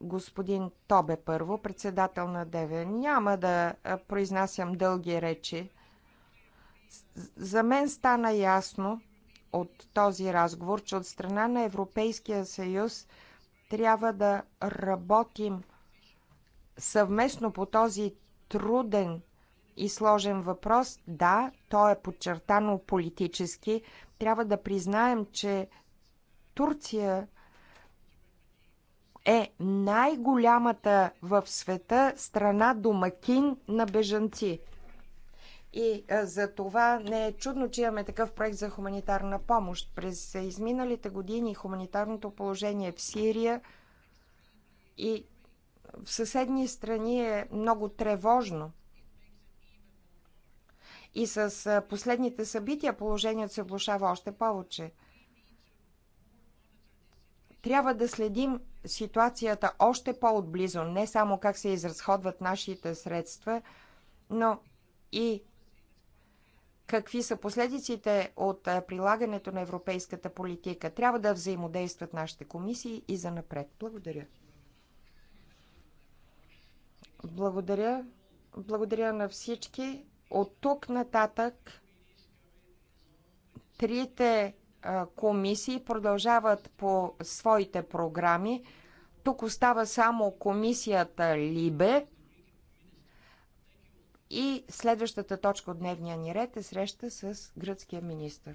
господин Тобе първо, председател на ДВ. Няма да произнасям дълги речи. За мен стана ясно от този разговор, че от страна на Европейския съюз трябва да работим съвместно по този труден и сложен въпрос. Да, то е подчертано политически. Трябва да признаем, че Турция е най-голямата в света страна домакин на бежанци. И за това не е чудно, че имаме такъв проект за хуманитарна помощ. През изминалите години хуманитарното положение в Сирия и в съседни страни е много тревожно. И с последните събития положението се влушава още повече. Трябва да следим ситуацията още по-отблизо, не само как се изразходват нашите средства, но и какви са последиците от прилагането на европейската политика. Трябва да взаимодействат нашите комисии и за напред. Благодаря. Благодаря. Благодаря на всички. От тук нататък трите комисии продължават по своите програми. Тук остава само комисията Либе. И следващата точка от дневния ни ред е среща с гръцкия министр.